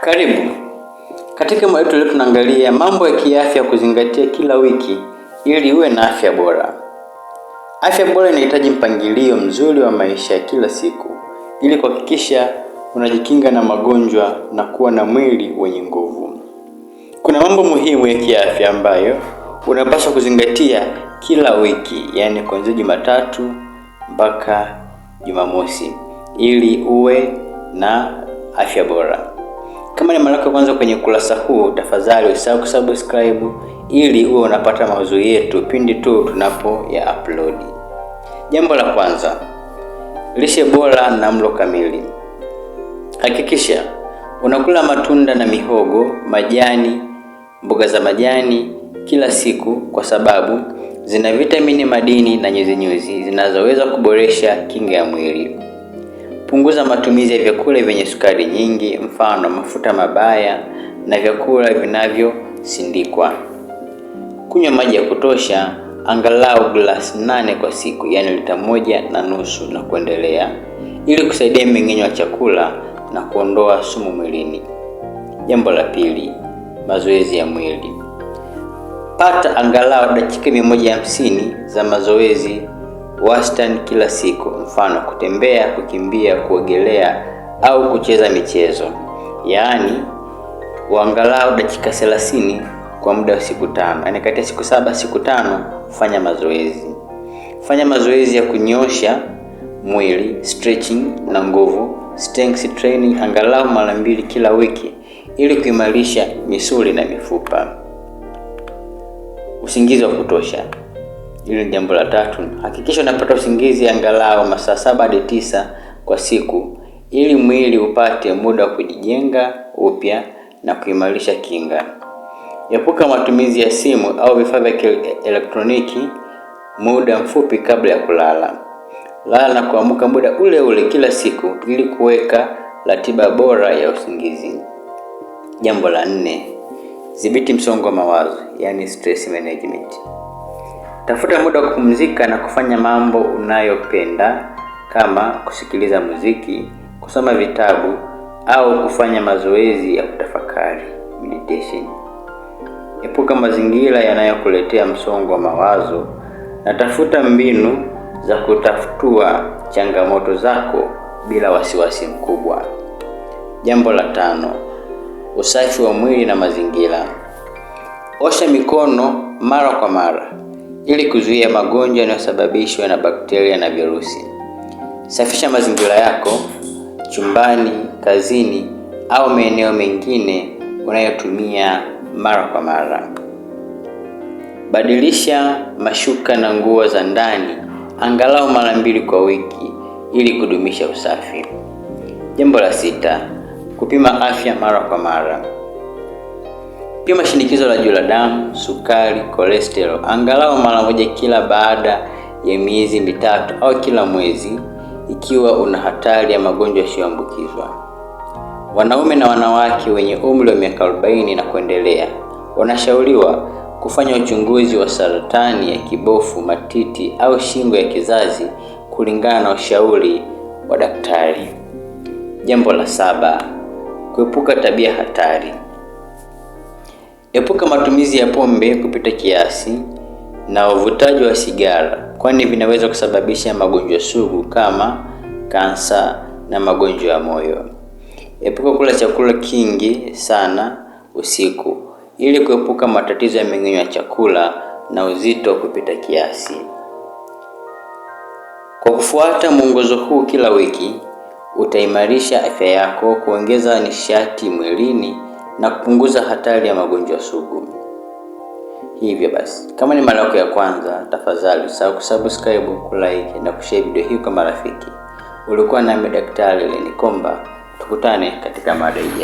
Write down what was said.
Karibu. Katika mada yetu leo tunaangalia mambo ya kiafya kuzingatia kila wiki ili uwe na afya bora. Afya bora inahitaji mpangilio mzuri wa maisha ya kila siku ili kuhakikisha unajikinga na magonjwa na kuwa na mwili wenye nguvu. Kuna mambo muhimu ya kiafya ambayo unapaswa kuzingatia kila wiki, yaani kuanzia Jumatatu mpaka Jumamosi ili uwe na afya bora. Kama ni mara yako kwanza kwenye kurasa huu, tafadhali usahau kusubscribe ili uwe unapata mauzui yetu pindi tu tunapo ya upload. Jambo la kwanza, lishe bora na mlo kamili. Hakikisha unakula matunda na mihogo, majani, mboga za majani kila siku kwa sababu zina vitamini, madini na nyuzinyuzi zinazoweza kuboresha kinga ya mwili. Punguza matumizi ya vyakula vyenye sukari nyingi, mfano mafuta mabaya na vyakula vinavyosindikwa. Kunywa maji ya kutosha, angalau glasi nane kwa siku, yaani lita moja na nusu na kuendelea, ili kusaidia mmeng'enyo wa chakula na kuondoa sumu mwilini. Jambo la pili, mazoezi ya mwili. Pata angalau dakika mia moja hamsini za mazoezi wastani kila siku, mfano kutembea, kukimbia, kuogelea au kucheza michezo, yaani uangalau dakika 30 kwa muda wa siku tano, yaani kati ya siku saba siku tano fanya mazoezi. Fanya mazoezi ya kunyosha mwili stretching na nguvu strength training angalau mara mbili kila wiki ili kuimarisha misuli na mifupa. Usingizi wa kutosha. Hili ni jambo la tatu. Hakikisha unapata usingizi angalau masaa saba hadi tisa kwa siku ili mwili upate muda wa kujijenga upya na kuimarisha kinga. Epuka matumizi ya simu au vifaa vya elektroniki muda mfupi kabla ya kulala. Lala na kuamka muda ule ule kila siku ili kuweka ratiba bora ya usingizi. Jambo la nne, dhibiti msongo wa mawazo, yani stress management. Tafuta muda wa kupumzika na kufanya mambo unayopenda kama kusikiliza muziki, kusoma vitabu au kufanya mazoezi ya kutafakari meditation. Epuka mazingira yanayokuletea msongo wa mawazo na tafuta mbinu za kutafutua changamoto zako bila wasiwasi mkubwa. Jambo la tano, usafi wa mwili na mazingira. Osha mikono mara kwa mara ili kuzuia magonjwa yanayosababishwa na bakteria na virusi. Safisha mazingira yako chumbani, kazini au maeneo mengine unayotumia mara kwa mara. Badilisha mashuka na nguo za ndani angalau mara mbili kwa wiki ili kudumisha usafi. Jambo la sita, kupima afya mara kwa mara. Pima shinikizo la juu la damu, sukari, kolesterol angalau mara moja kila baada ya miezi mitatu au kila mwezi, ikiwa una hatari ya magonjwa yasiyoambukizwa. Wanaume na wanawake wenye umri wa miaka 40 na kuendelea wanashauriwa kufanya uchunguzi wa saratani ya kibofu, matiti au shingo ya kizazi kulingana na ushauri wa daktari. Jambo la saba, kuepuka tabia hatari. Epuka matumizi ya pombe kupita kiasi na uvutaji wa sigara, kwani vinaweza kusababisha magonjwa sugu kama kansa na magonjwa ya moyo. Epuka kula chakula kingi sana usiku ili kuepuka matatizo ya mmeng'enyo wa chakula na uzito kupita kiasi. Kwa kufuata mwongozo huu kila wiki, utaimarisha afya yako, kuongeza nishati mwilini na kupunguza hatari ya magonjwa sugu. Hivyo basi, kama ni mara yako ya kwanza, tafadhali usahau kusubscribe, kulike na kushare video hii kwa marafiki. Ulikuwa nami Daktari Lenikomba, tukutane katika mada ijayo.